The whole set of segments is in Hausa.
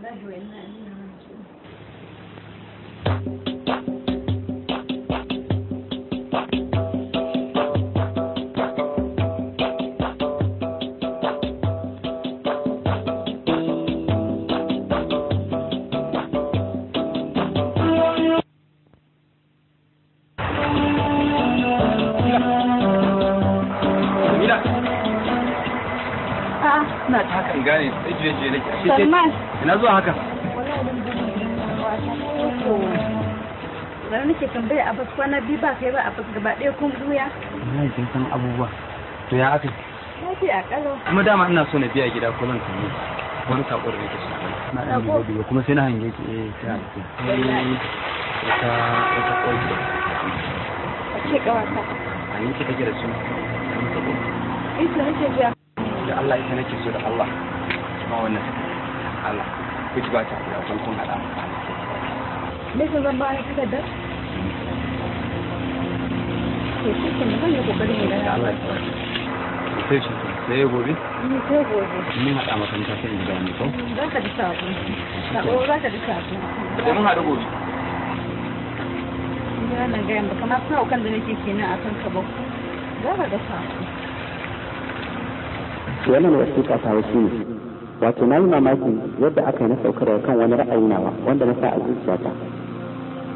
measuring then. na zuwa haka bari nake tambaya a bas kwana biyu ba kai ba a bas gaba ɗaya kun san abubuwa to ya aka kuma dama ina so biya gida ko zan wani da so na ɗan kuma sai na hange ki eh ta mm. ta ta a ce kawata da su ita Allah ita nake so da Allah kuma wannan Allah kuci ba ta kula wajen kun haɗa mu ne sun zan bayan zan yi ne da Allah ya sai shi sai gobe mm, sai gobe mun haɗa makaranta sai in gida ne ko mm, za ka ji sabo za ka ji sabo sai mun haɗu gobe kamar suna kan da nake kenan ka ba za ka ga wannan wasu ne wato na yi mamakin yadda aka yi na saukar kan wani ra'ayi nawa wanda na sa a zuciyata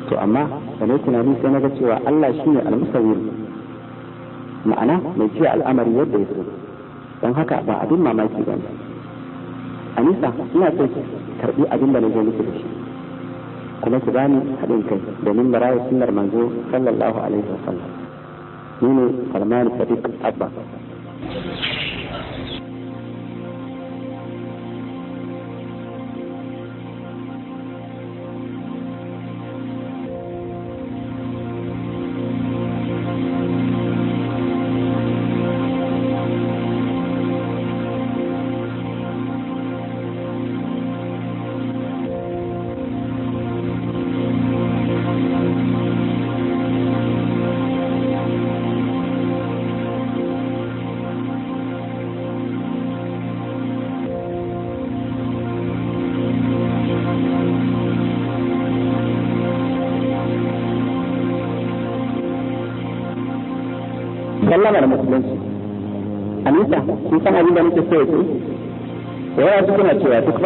to amma da na yi tunani sai na ga cewa Allah shi shine almusawwir ma'ana mai ce al'amari yadda ya so don haka ba abin mamaki ba ne anisa ina so karɓi karbi abin da na je miki da shi kuma ki bani haɗin kai domin marayu rayu sunnar manzo sallallahu alaihi wasallam ni ne Salman Sadiq Abba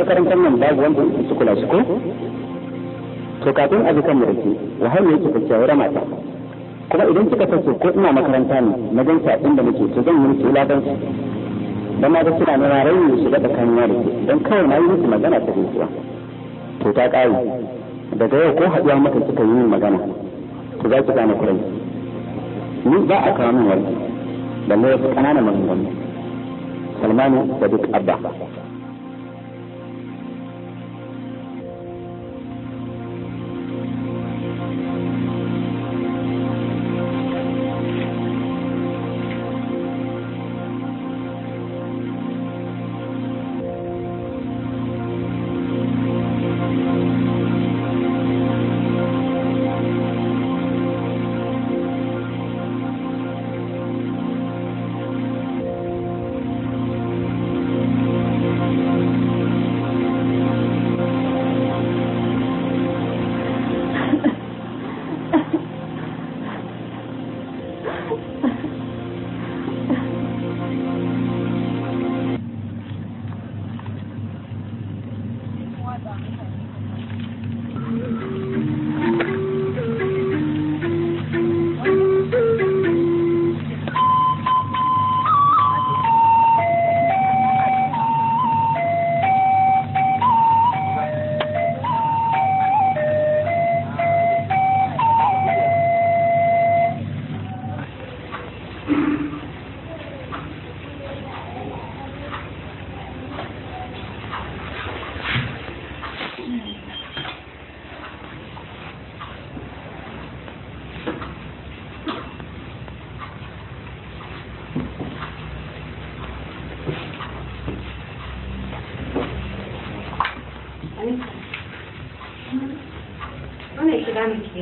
makarantar nan babu wanda su kula su ko to kafin a kan mulki wahala yake kyakkyawar mata kuma idan kika tace ko ina makaranta ne na gan da nake to zan yi ladan su dan ma ga kina na rayu ne shiga tsakanin ya da ke dan kawai na yi musu magana ta gaisuwa to ta kai daga yau ko haɗuwa maka kika yi min magana to za ki gane kurai ni ba a kawo min warki balle wasu ƙananan maganganu salmanu da duk abba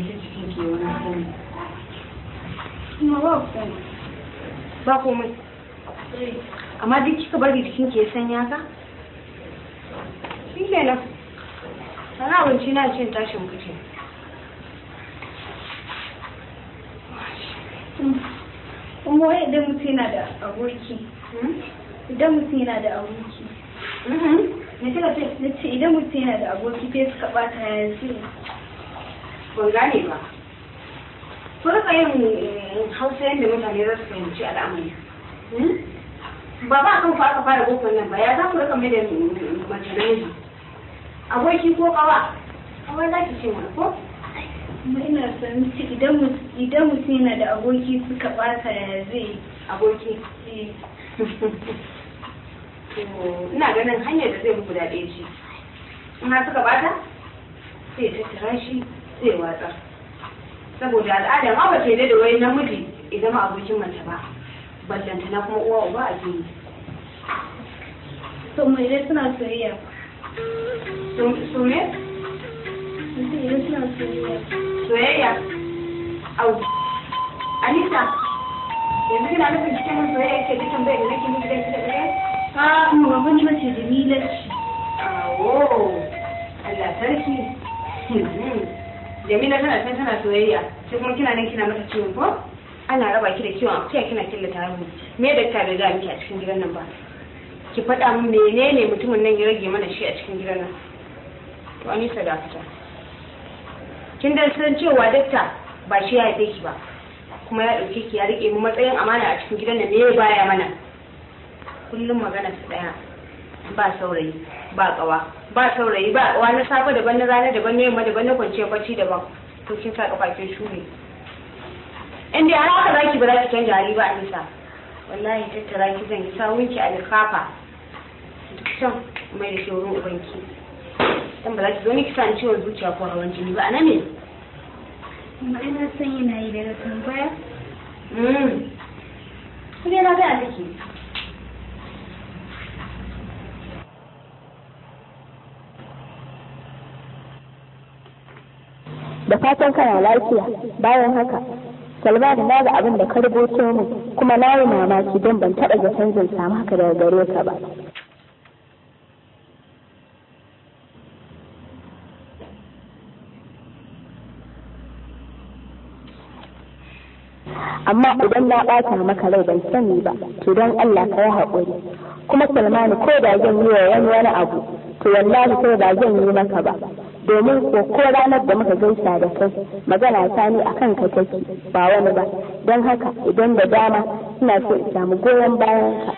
cikin ke ba amma duk kika bari jikin ke sanya ka shi nan sana abinci na cin tashin kuce kuma wai idan mutum yana da aboki hmm? idan mutum yana da aboki mm-hmm. na ce idan mutum yana da aboki sai suka bata yanzu ban gane ba ku rika yin eh, hausa yadda mutane za su fahimci al'amari hmm? ba ba kan fa aka fara bokon nan ba ya za ku rika mai da mace namiji aboki ko kawa kawai za ki ce mana ko ina son idan mutum yana da aboki suka bata zai aboki eh. ina ganin hanyar da zai muku daɗe ce in suka bata sai ta tira shi cewa ta saboda al'ada ma ba ke da da wani namiji idan ma abokin mace ba ballanta na kuma uwa uba a jini to mai dai suna soyayya su ne soyayya au anita yanzu kina nufin cikin soyayya ke cikin bai da nake nufi da ita ɗaya a mu ba wani mace da milarci awo Allah sarki hmm, hmm. jamila tana can tana soyayya sai kuma kina nan kina mata ciwon ko ana raba ki da kiwon akuya kina killata haihu me da ka riga miki a cikin gidan nan ba ki faɗa mu menene mutumin nan ya rage mana shi a cikin gidan nan to an yi sadakata kin da san cewa dakta ba shi ya haife ki ba kuma ya ɗauke ki ya rike mu matsayin amana a cikin gidan nan me baya mana kullum magana su ɗaya ba saurayi ba kawa ba saurayi ba kawa na safe daban na rana daban na yamma daban na kwanciyar bacci daban to kin sa kafafen shure in dai haka zaki ba za ki canja hali ba Anisa wallahi tattara ki zan yi sawunki a likafa can mai da ke ubanki dan ba za ki zo ni ki san ciwon zuciya ko hawan jini ba anan ne amma ina son yana yi daga tambaya Mmm. kuma na ga a take da fatan kana lafiya bayan haka salman na ga abin da ka rubuto mu kuma na yi mamaki don ban taɓa ga canjin samu haka daga gare ka ba amma idan na ɓata maka rai ban sani ba to don Allah ka yi haƙuri kuma salmani ko da zan yi wa wani abu to wallahi ko ba zan yi maka ba domin ko ko ranar da muka gaisa da kai magana ta ne akan ka take ba wani ba don haka idan da dama ina so in samu goyon bayan ka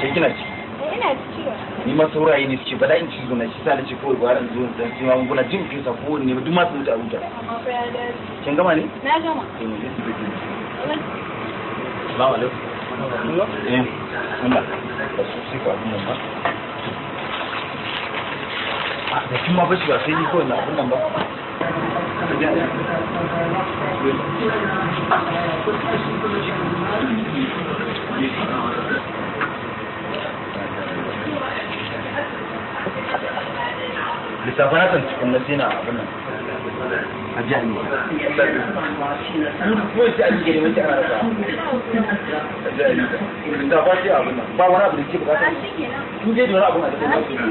shi kina ciki eh, ni ma saurayi ne suke bada in ci zuna shi sa nace kawai gwaran zuwa sai mun guna jin ko ne duk ma sun ta huta kin gama ne na gama alaikum. Eh, Ba su abin nan ba. da kuma ba shi ba sai ni na abin nan ba. لسافرات انت كنا نسينا عبنا رجعني وين تأذي كلمة تعرفها رجعني لسافرات يا عبنا ما وراء بنتي بغاتك توجد وراء بنتي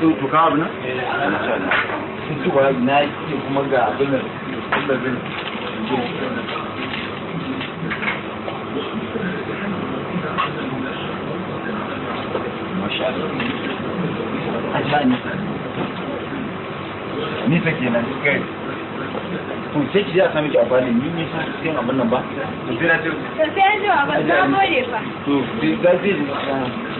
to ka abu ke nan kai to sai ki ji a sami ki amfani ni ne sai abin nan ba to sai na ce to sai an ji ba na gode fa to sai zai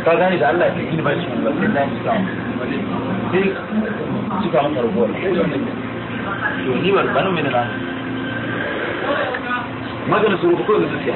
ka gane da Allah ke ilma shi ba sai na cika sai rubuwa to ni ban banu magana su da zuciya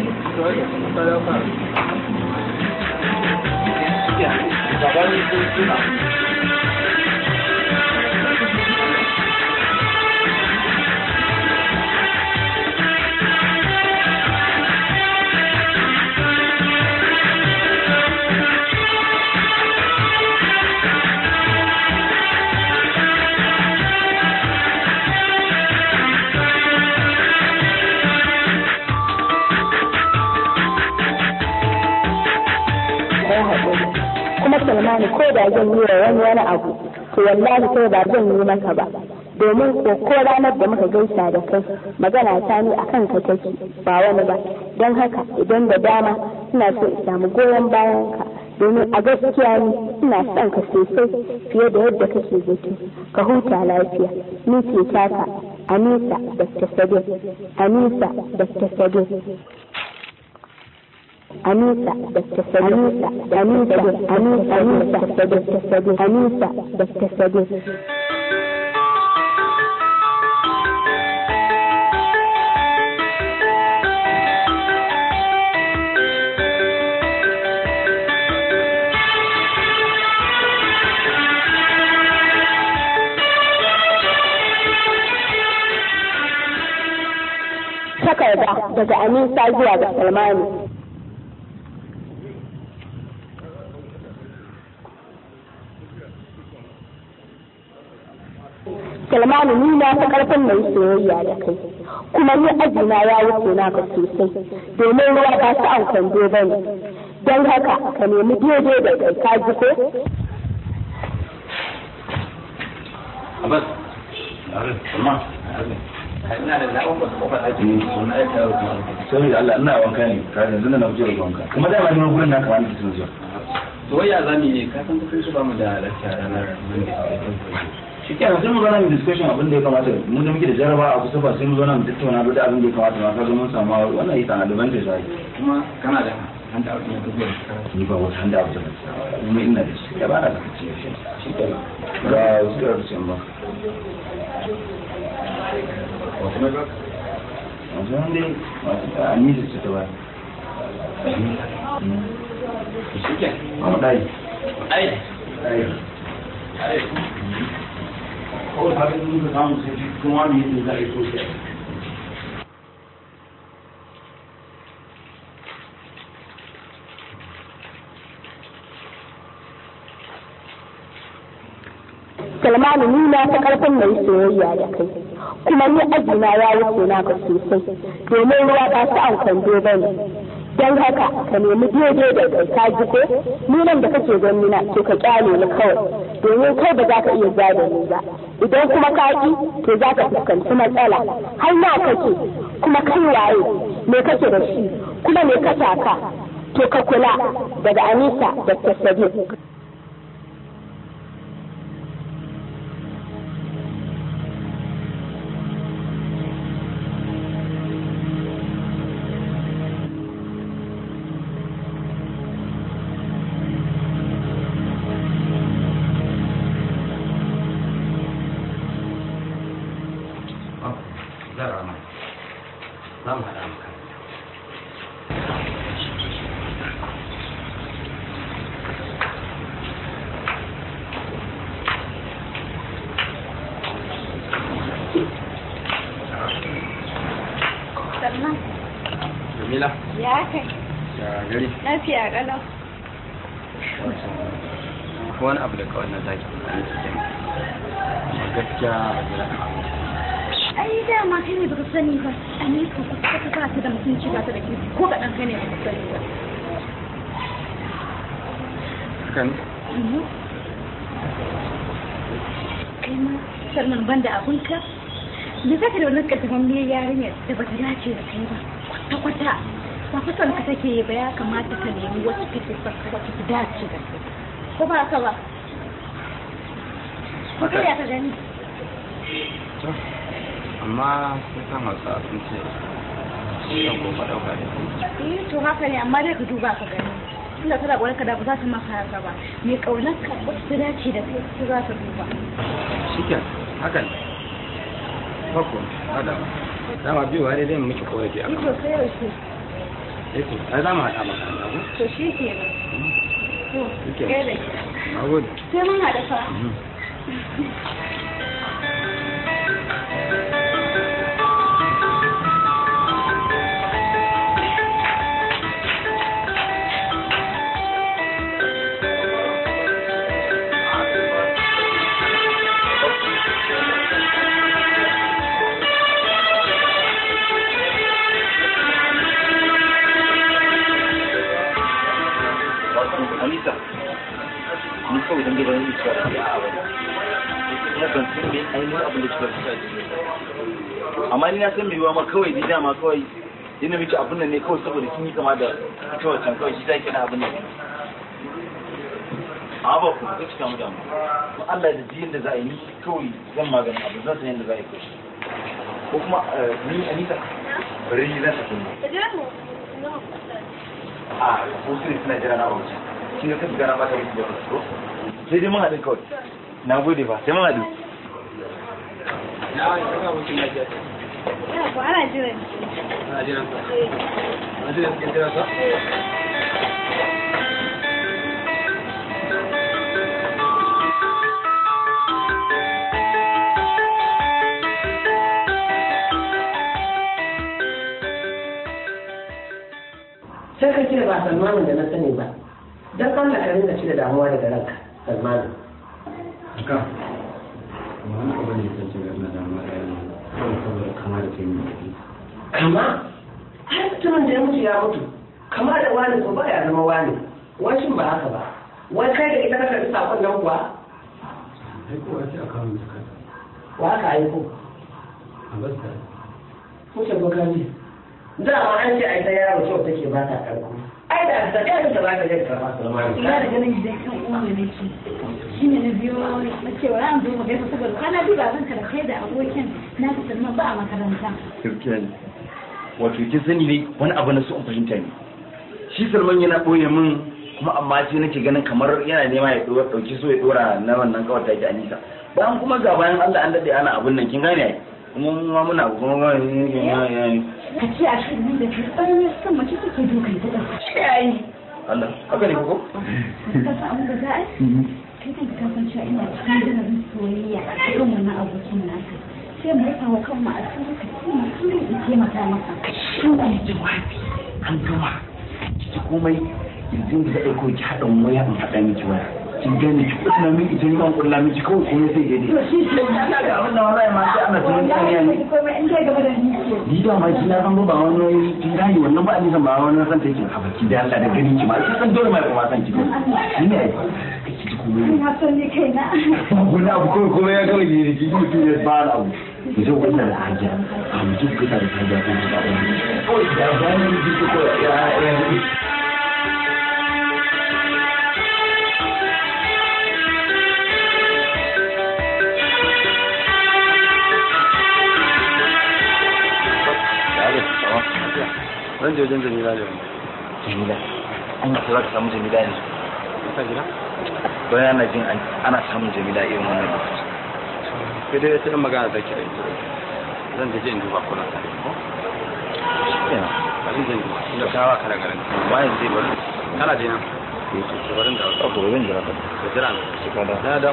tsammani ko da zan yi wa wani wani abu to wallahi kai ba zan yi maka ba domin ko ranar da muka gaisa da kai magana ta ni akan ka take ba wani ba don haka idan da dama suna so in samu goyon bayan ka domin a gaskiya ni ina son ka sosai fiye da yadda kake zato ka huta lafiya ni ke taka Anisa Dr. Sadiq Anisa Dr. Anisa da Tafadu, Anisa daga Anisa zuwa ga Salmanu. musulmanu ni na ta karfin mai soyayya da kai kuma ni ajina ya wuce na ka sosai domin ruwa ba su an kwando ba ne don haka ka nemi daidai da kai ka ji ko da mm. yi na soyayya zamu ne ka mu da lafiya ranar shi kenan sai mu zauna mu discussion abin da ya kamata mu da muke da jaraba a kusa ba sai mu zauna mu tattauna duk abin da ya kamata ma kaga mun samu wannan ita da zai kuma kana da handa abin da kuke ni ba wata handa abin da kake kuma ina da shi ya bana da kuke shi shi kenan ga su da su ba wasu ne ba wasu ne masu ta ni da su ta ba shi kenan amma dai ai ai ai ko ta ga duk da samu sai cikin wani yadda za a yi sosai Salmanu ni na ta karfin mai soyayya da kai kuma ni ajina ya yi na ga sosai domin ruwa ba su an kwando ba don haka ka nemi daidai da kai ka ji ko ni nan da kake gani na to ka kyale ni kawai domin kai ba za ka iya ja da ni ba idan kuma ka ki to za ka fuskanci matsala har na kake kuma kai waye me kake da shi kuma me ka ka to ka kula daga Anisa da Sadiq gari lafiya kalau wani abu da kawai na zaki da ke jami amma gaskiya ba jira ai ma kai ne baka sani ba a ne ko ka ba ta da mutunci ba ta da kirki ko kaɗan kai ne baka sani ba kan kai ma salman banda abunka me zaka da wannan ƙasafan biyar yarinya da bata dace da kai ba kwata-kwata ba kusan ka take yi ba ya kamata ka nemi wasu kake son ka ta dace da kai ko ba ka ba ko kai ya ka gani amma sun san hausa sun ce sun ko faɗa ka ne eh, to haka ne amma dai ka duba ka gani tunda kana ƙwarar ka da ba za ta maka haka ba me ƙaunar ka wacce ta dace da kai su za ta duba shikin hakan farko adam dama biyu har dai miki korafi a eh, kan Eko, eh ai za mu haɗa To shi ke nan. Hmm. da ke. Na gode. Sai mun haɗa fa. Hmm. Anita, ni kawai don gidan yi ya ban san me ni abin da kika rasa da ni na san mai ma kawai ni dama kawai yana miki abin nan ne kawai saboda kama da ita wancan kawai shi zai kira abin nan amma ku duk cika damu Allah da jiyin da za a yi ni kawai zan maganin abin zan san yadda za yi ko eh, ni Anita bari na sakin mu a hutun suna na wuce shi ne kasu gana mata wuce da sai dai mun haɗin kawai na gode ba sai mun haɗu ana jiran ana jiran ana jiran sai ka cire ba salmanin da na sani ba don Allah ka rinka cire damuwa daga ranka salmanin ka wani abu ne ta ce na damuwa da yana saboda kama da taimaki kama har mutumin da ya mutu ya mutu kama da wani ko baya zama wani wancin ba haka ba wai kai da ita kaka isa kun nan kuwa aiko wace a kawo mutu kasa wa aka aiko a basta kusa gwagwani dama an ce ai ta yaro kyau take ba ta karko ai da ta ga ta ba ta ga ta ba ta ma ina da ganin gidan kan uwa ne ki shine na biyo aure na ce wa ran zuwa gaisa saboda kana bi ba zan karfe da abokin na ta sannan ba a makaranta gaskiya ne wato ki sani ne wani abu na so in fahimta ne shi Salman yana boye min kuma amma sai nake ganin kamar yana nema ya dauki so ya dora na wannan kawai ta ki Anisa bayan kuma ga bayan Allah an dade ana abun nan kin gane ai kuma mu ma muna kuma ne ya ya ne ka ci a cikin da ke tsarin san mace ta da Allah haka ne ko ka da za a yi mm-hmm. kai ka san cewa ina cikin jinin soyayya cikin wannan abokin naka sai mu rufa wa kanmu a cikin ka kuma min in mata maka shi ne jawabi an gama ki komai yanzu da ɗauko ki haɗa waya in haɗa miki waya kin gane ki kulla min ita zan kulla miki kawai komai sai gani ana tunan tsariya ne ni da ma kina san ba wani kin gane wannan ba ni san ba wani san ta yake a baki da Allah da ganin ki ma sai san dole ma kuma san ki ni ne ina son ni kaina wani abu kawai komai ya kawai ne ki ki ki ba abu ki zo wannan hajiya a mutum kusa da ko ba wani kawai da ko ya ya ran je wajen jamila ne jamila an yi za ka samu jamila yanzu ta jira don yana jin ana samun jamila irin wannan lokaci sai dai ta magana da kira zan je in duba kuna ta ko bari zan duba inda kawa kana garin ba zai bari kana je nan su eh, barin da wasu jira ka jira na da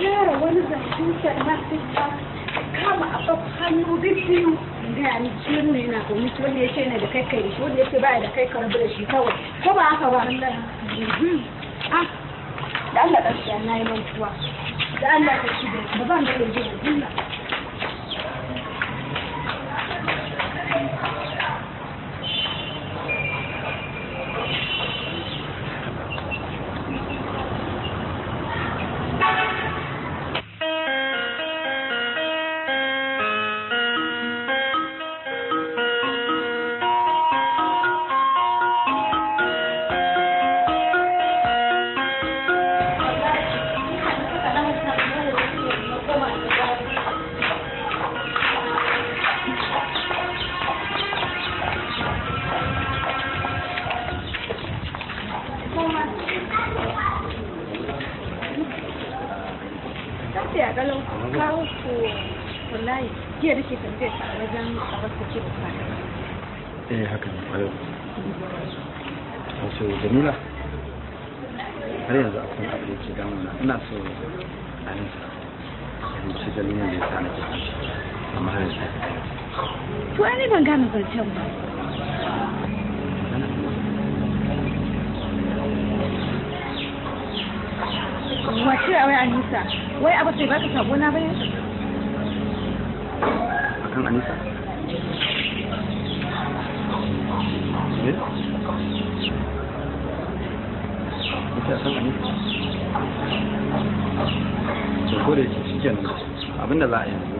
share wani zancen na kama a ɗauka hannu biyu gaya ni ne na domin wanda ya ce yana da kai kai shi wanda ya ce baya da kai da shi kawai ko ba haka ba da Allah gaskiya na yi mantuwa da Allah ka ci da ba da da to ne ban gane zancen wace a wai anisa wai abu sai ba ka sabo na bayan akan anisa eh? ita akan anisa da kodai shi abinda za a yi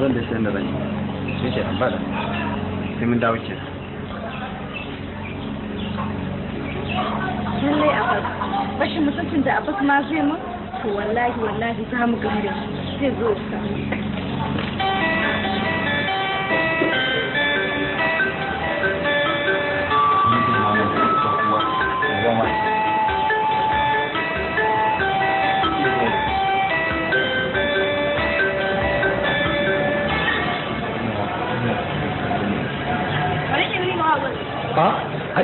zan da shi yadda zan yi shi ke nan ba da sai mun dawo ke lallai a fas rashin mutuncin da a fas ma zai mu to wallahi wallahi za mu gani da zai zo ka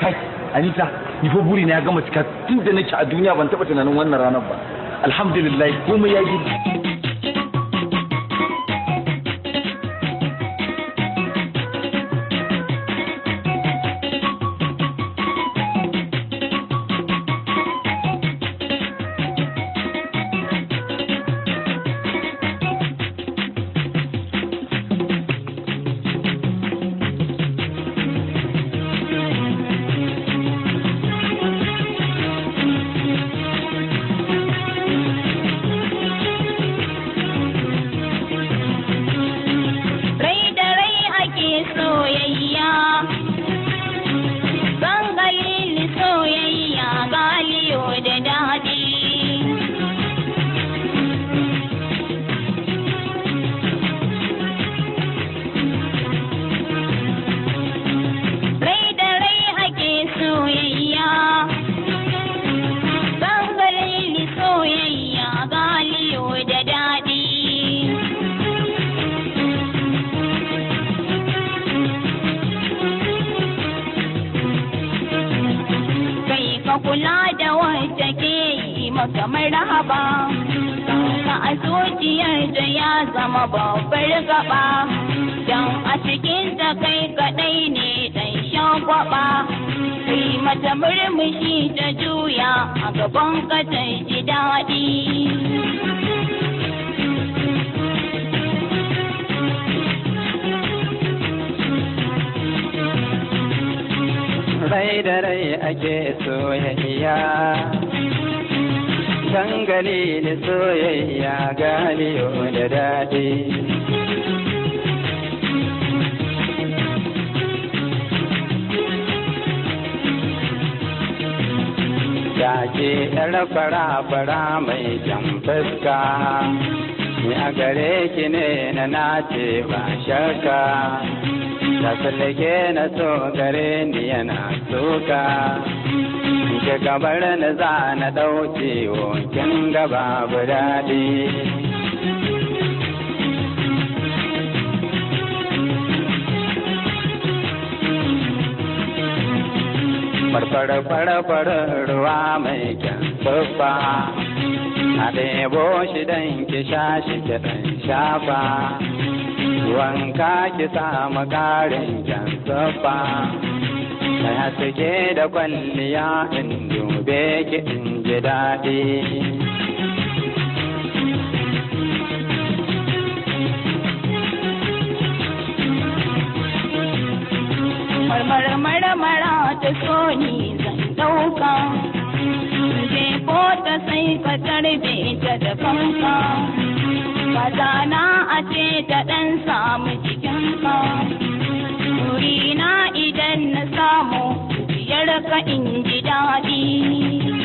kai anita ni fa buri ya gama cika tunda da nake a duniya ban taba tunanin wannan ranar ba alhamdulillah komai ya yi murmushi ta juya a gaban katon ji daɗi. Rai da rai ake soyayya, dangane ne soyayya galiyo da daɗi. ke ɗar fara-fara mai jan fuska. Ni a gare ki ne na nace ba shakka, ta tsallake na so gare ni yana soka. Ke gabar na za na ɗauce wokin gaba daɗi. farfara farfara ruwa mai kyan babba a ɗebo shi dan ki sha shi ki shafa wanka ki samu ƙarin kyan sabba na haske da kwalliya in dube ki in daɗi marmara ta so ni zan dauka je ko ta sai ka tarbe ta da fanka bazana a ce ta dan samu jikinka wurina idan na samu yarka in ji daɗi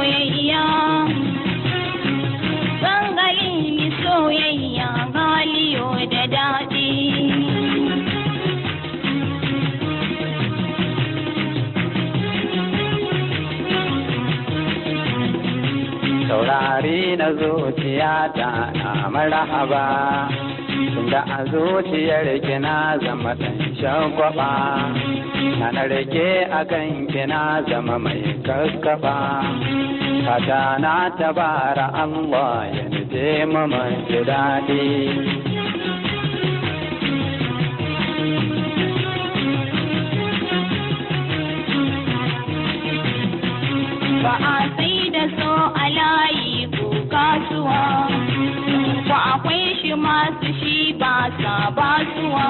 soyayya zangayin mi soyayya galiyo da daɗi Saurari na zuciya ta na marhaba tunda a zuciyar kina zama ɗan shagwaba na rage a kan kina zama mai kaskaba na ta Allah ya nufe mu daɗi. Ba a sai da so a layi ko kasuwa, ba akwai shi masu shi ba sa basuwa,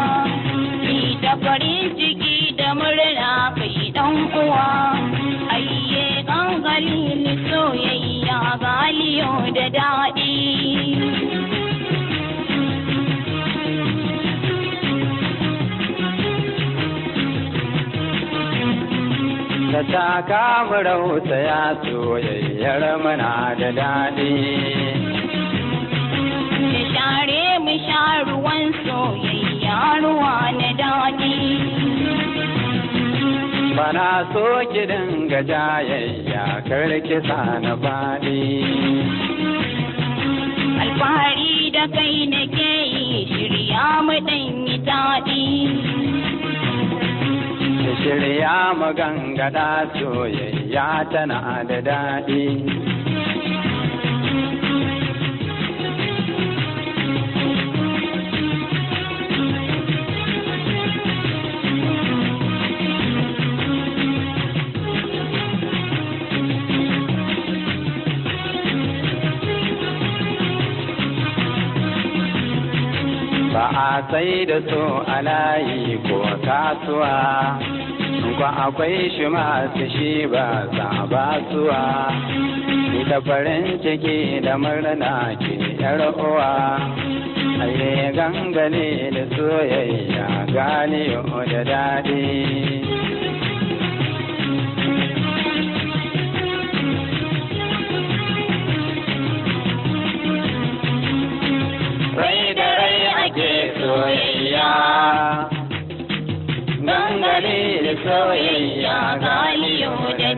ni da farin ciki da murna kai ɗan uwa. daɗi Da ta kama rahusa ya soyayyar mana da daɗi. Da share mu sha ruwan soyayya na daɗi. Bana so ki dinga jayayya kar sa na faɗi. alfahari da kai na ke yi shirya mu dan yi daɗi shirya mu da soyayya tana da daɗi sai da su a layi ko kasuwa ko akwai shi masu shi ba za suwa da farin ciki da murna ke yar uwa aye gangane da soyayya gane da daɗi ake soyayya dangane da soyayya galiyo da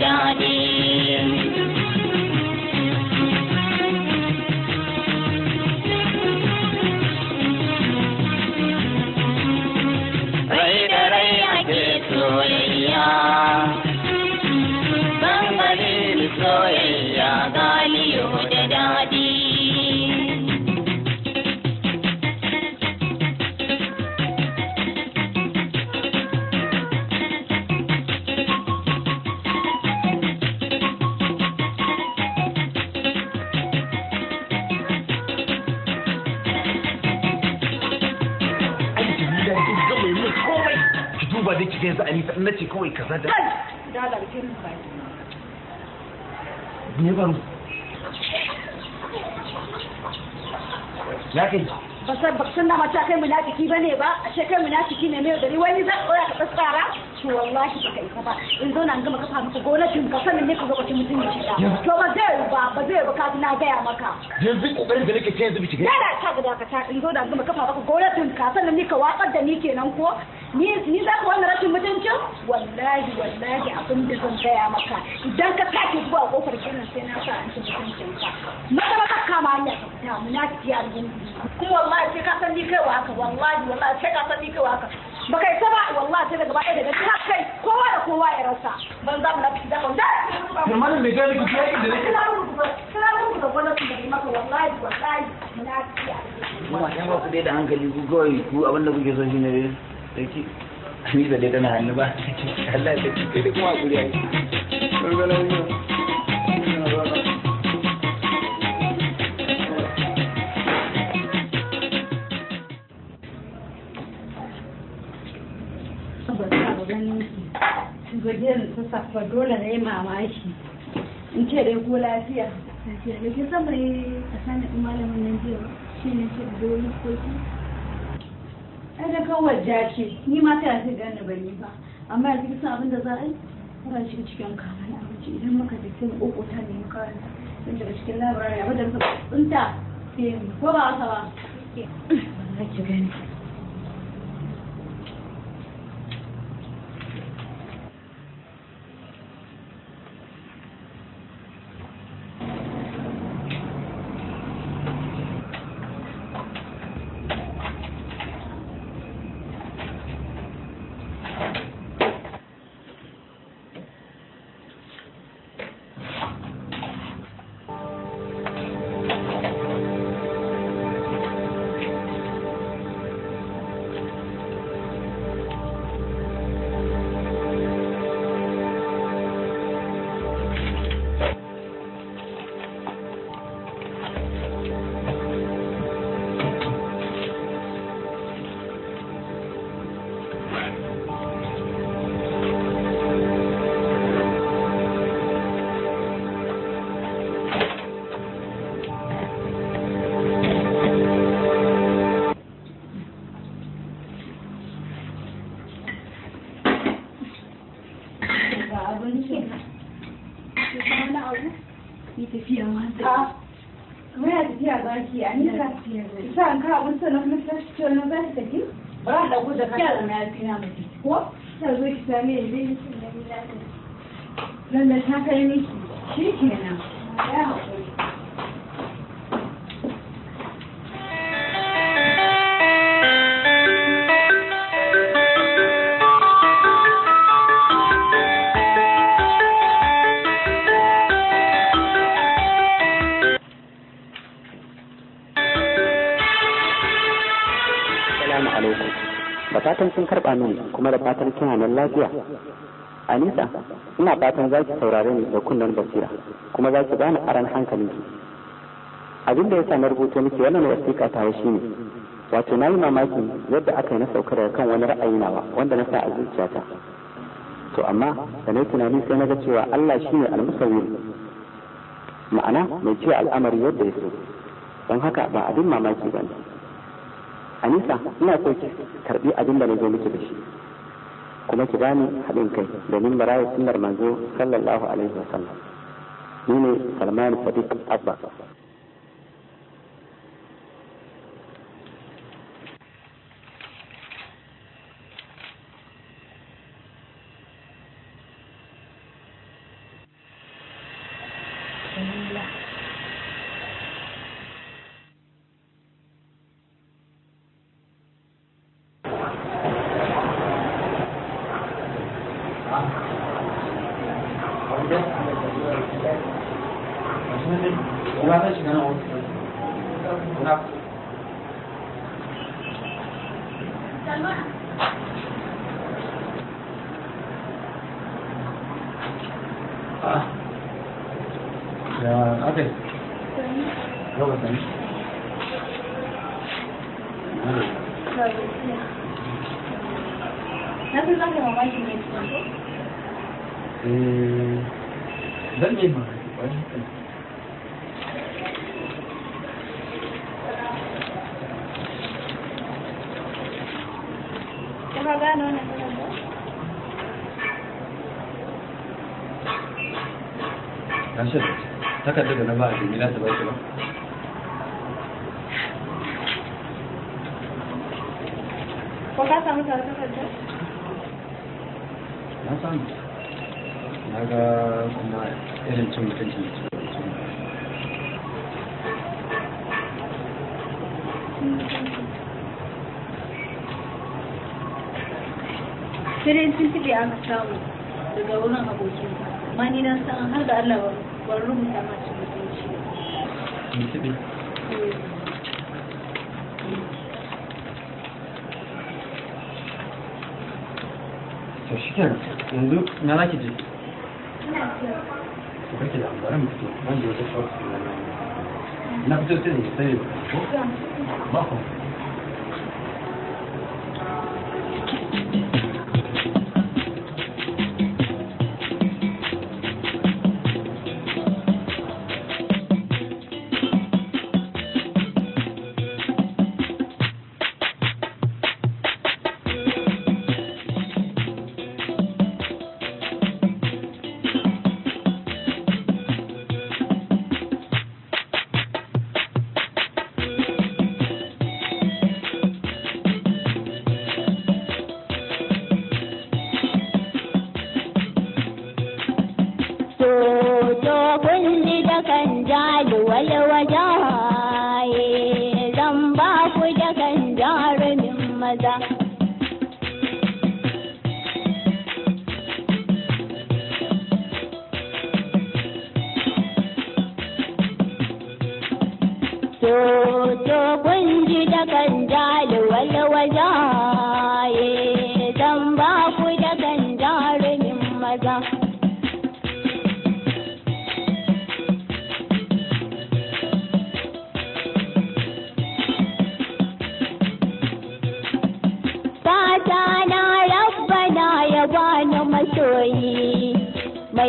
yanzu Anita in nace kawai kaza da kai da da ke mu bai baro ya kai ba san ba ta kai munafiki bane ba ashe kai munafiki ne mai dari wani za ka ka tsara to wallahi baka isa ba in zo na gama ka fa muku gonakin ka sanin ne ka zo mutum ci mutunci da to ba zai ba ba zai ba ka na gaya maka yanzu kokarin da nake ta yanzu bi ci ga da ta ga da ka ta in zo na gama ka fa muku gonakin ka sanin ne ka watsar da ni kenan ko ni za ka wani rashin mutuncin wallahi wallahi abin da zan gaya maka idan ka sake zuwa kofar kiran sai na sa an ci mutuncin ka mata ka kama hanya ta muna mu na tiya yin kuma wallahi sai ka san ni kai wa haka wallahi wallahi sai ka san ni kai wa haka baka yi saba wallahi sai daga baya daga ta kai kowa da kowa ya rasa ban za mu na fita ban da ya mana me gani ku kai da nake kana mun ba gwamnati da maka wallahi wallahi ma ku dai da hankali ku kawai ku abin da kuke shi ne dai sarki ni da dai hannu ba Allah ya ce kai kuma hakuri ai gajiyar ta safa dole na yi mamaki in ce dai ko lafiya lafiya da ke sama yi a sanin malamin nan jiya shi ne ce dole ko ai da kawai ce ni ma ta yafi gani ban yi ba amma yanzu kisa abin da za a yi fara shi cikin kamar abinci idan muka je sai mu ta ne mu karanta sun daga cikin labarai abin da muka tsunta sai mu ko ba haka ba ki gani ina fatan za ki saurare ni da kunnen basira kuma za ki bani aran hankali ki abin da ya sa na rubuta miki wannan wasiƙa ta shi ne wato na yi mamaki yadda aka yi na sauka daga kan wani ra'ayi nawa wanda na sa a zuciyata to amma da na yi tunani sai na ga cewa Allah shi ne almusawwir ma'ana mai cewa al'amari yadda ya so don haka ba abin mamaki ba ne anisa ina so ki karbi abin da na zo miki da shi kuma ki bani haɗin kai domin da rayu sunnar manzo sallallahu alaihi wasallam ni ne salman sadiq abba kashin takardar da na ba a jamila ta baki ba ko ka samu tare takardar na samu na ga kuma irin cin mutunci ne Sai dai sun tafi aka samu daga wurin abokinsa, amma ni na san har da Allah ba Warum damals mit den Schiffen? Şeker, bunu merak edeceğim. Sokak ilanlara mı tutuyor? Ben de orada çok sinirlendim. Ne yapacağız dedin? Seviyorum. Bakın. walwajaye zan ba ku jarumin maza To, to kun ji dakan jali walwajaye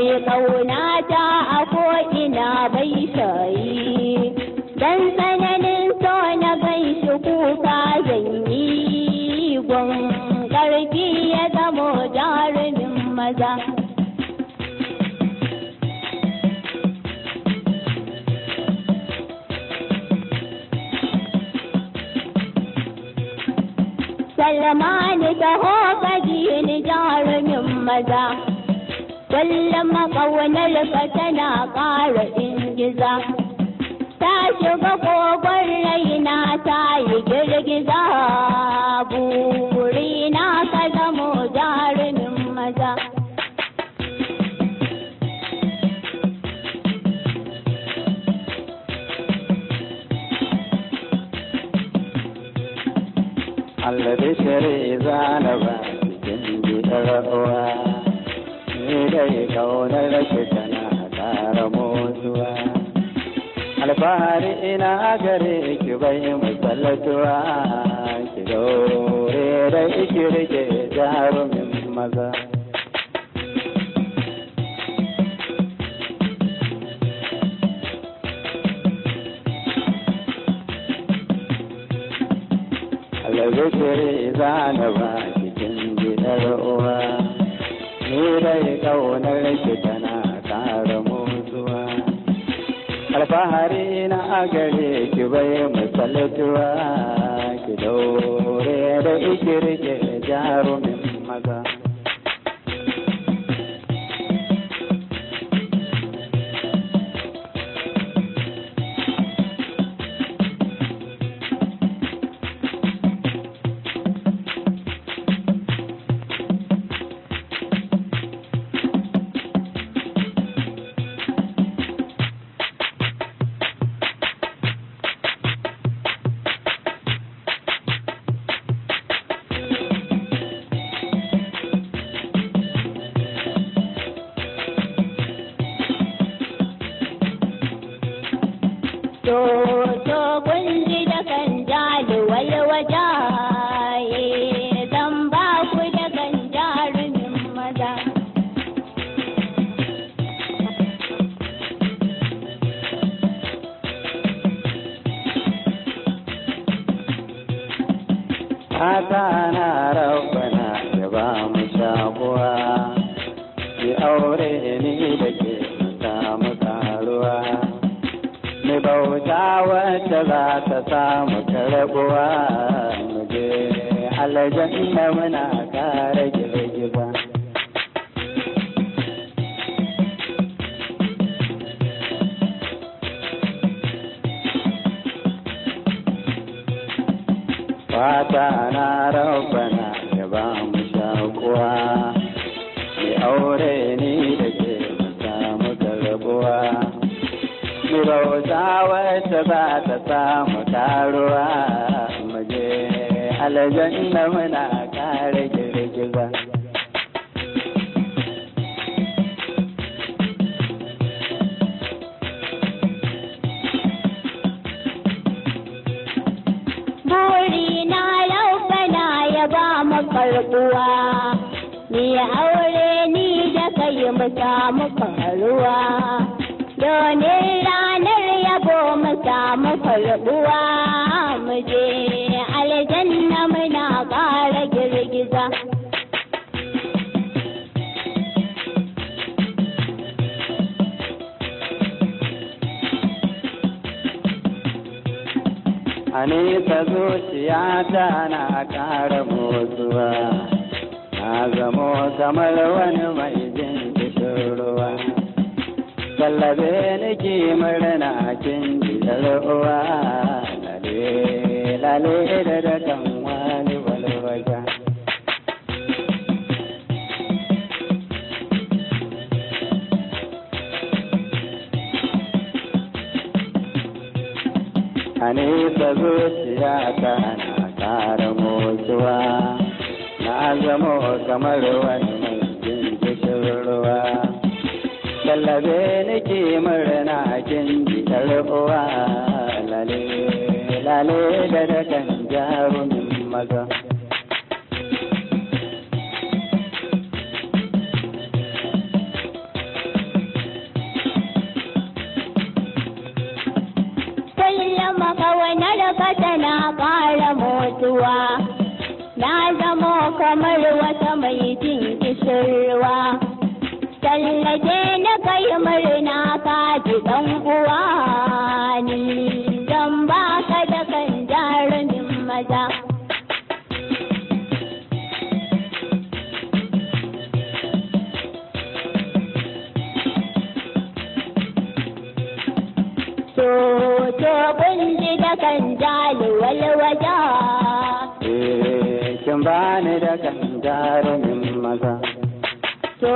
Kauna ta a ko'ina bai shayi dan tsananin so na gan shi kuka zanyi gwan ƙarfi ya zamo jarumin maza Salmani taho hofa ni jarumin maza. لما قونا لفتنا قال انجزا تاشب فوق الرينا تاي جرقزا بورينا قدم دار مزا الذي شريزان بان جنجي الأرواح shi dai kaunar ki tana ƙara motsuwa alfahari ina gare ki bai musallatuwa ki daure dai ki rike jarumin maza Allah zai za na ba cikin gidan ƙaunar shi tana ƙara mutuwa. alfahari na agare ki bai misaltuwa ki daure da ikirke jarumi. जन्नम mata na kara motsuwa na zamo kamar wani mai jin ruwa kallabe nake murna kin ji uwa lale lale da da kan wani walwala Anisa zuciya ta ƙara motsuwa na zamo kamar wani mai jin kishin ruwa tallabe nake murna kin ji uwa lale lale da dakan jarumin maza bani da kanjali walwaja eh kin bani da jarumin maza to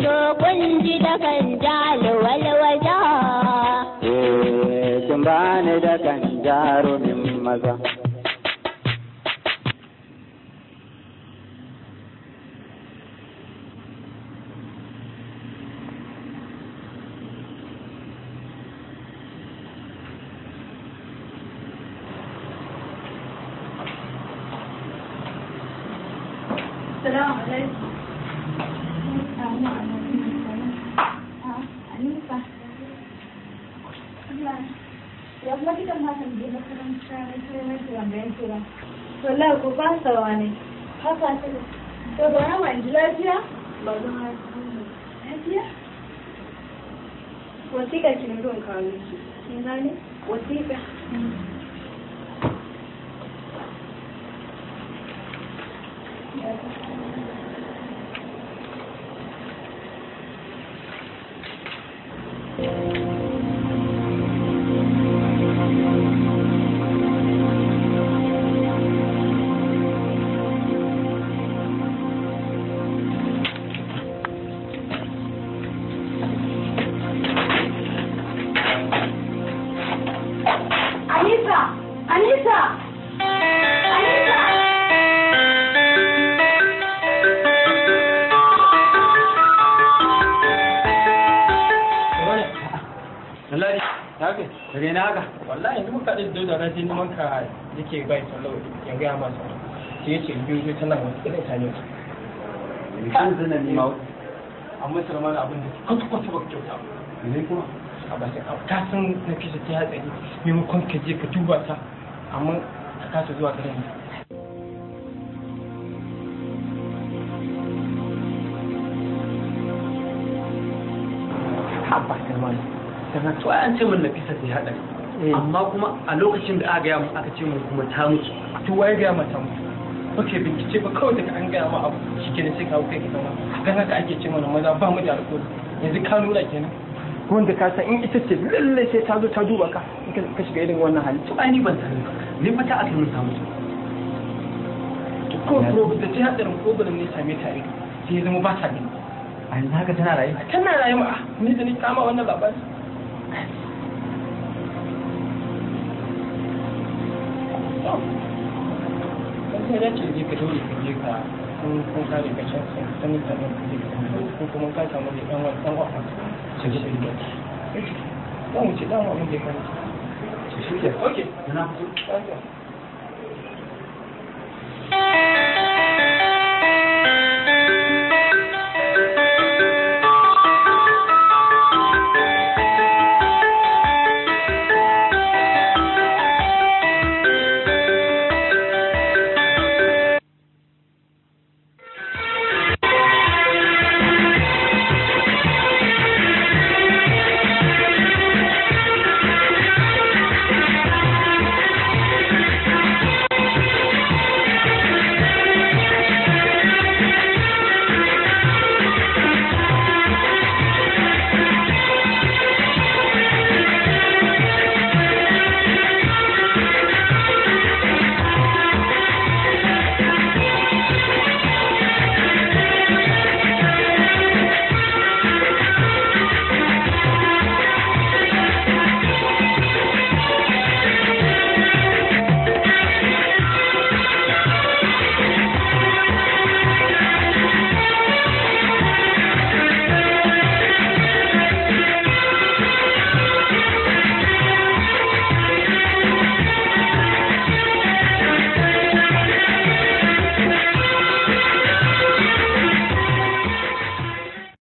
to kun ji da jali walwaja E, eh, kin bani da jarumin maza yake bai sallau ya gaya masa sai ya ce biyu zai tana wata irin sani kan zina ne ma amma sai ma abin da kuka kuka ba kyauta ne kuma a ba sai ka san na kisa ta hatsari maimakon ka je ka duba ta amma ka kasa zuwa ka rami Abba Salman, sanatuwa an ce min na kisa ta haɗari. Eh. amma kuma a lokacin da aka gaya mu aka ce mu kuma ta mutu to waye gaya mata mutu ok bincike ba kawai daga an gaya mu abu shi ke da sai kawo kai ita ma don haka ake ce mana maza ba mu da alkohol yanzu ka nuna kenan wanda ka san in ita ce lalle sai ta zo ta duba ka in ka shiga irin wannan hali to ai ni ban sani ba ni fata aka mun samu ko ko da ta hadarin ko ban ne same ta ido sai zama ba ta gani ai haka tana rayuwa tana rayuwa ah, ni da ni kama wannan labarin. ya dace ne ka dole ka je ka kun ka da kashin sanin sanin ko kuma ka samu da ɗan wani ɗan wafa sai ka shirya za mu ce dama abin da ya na Ok.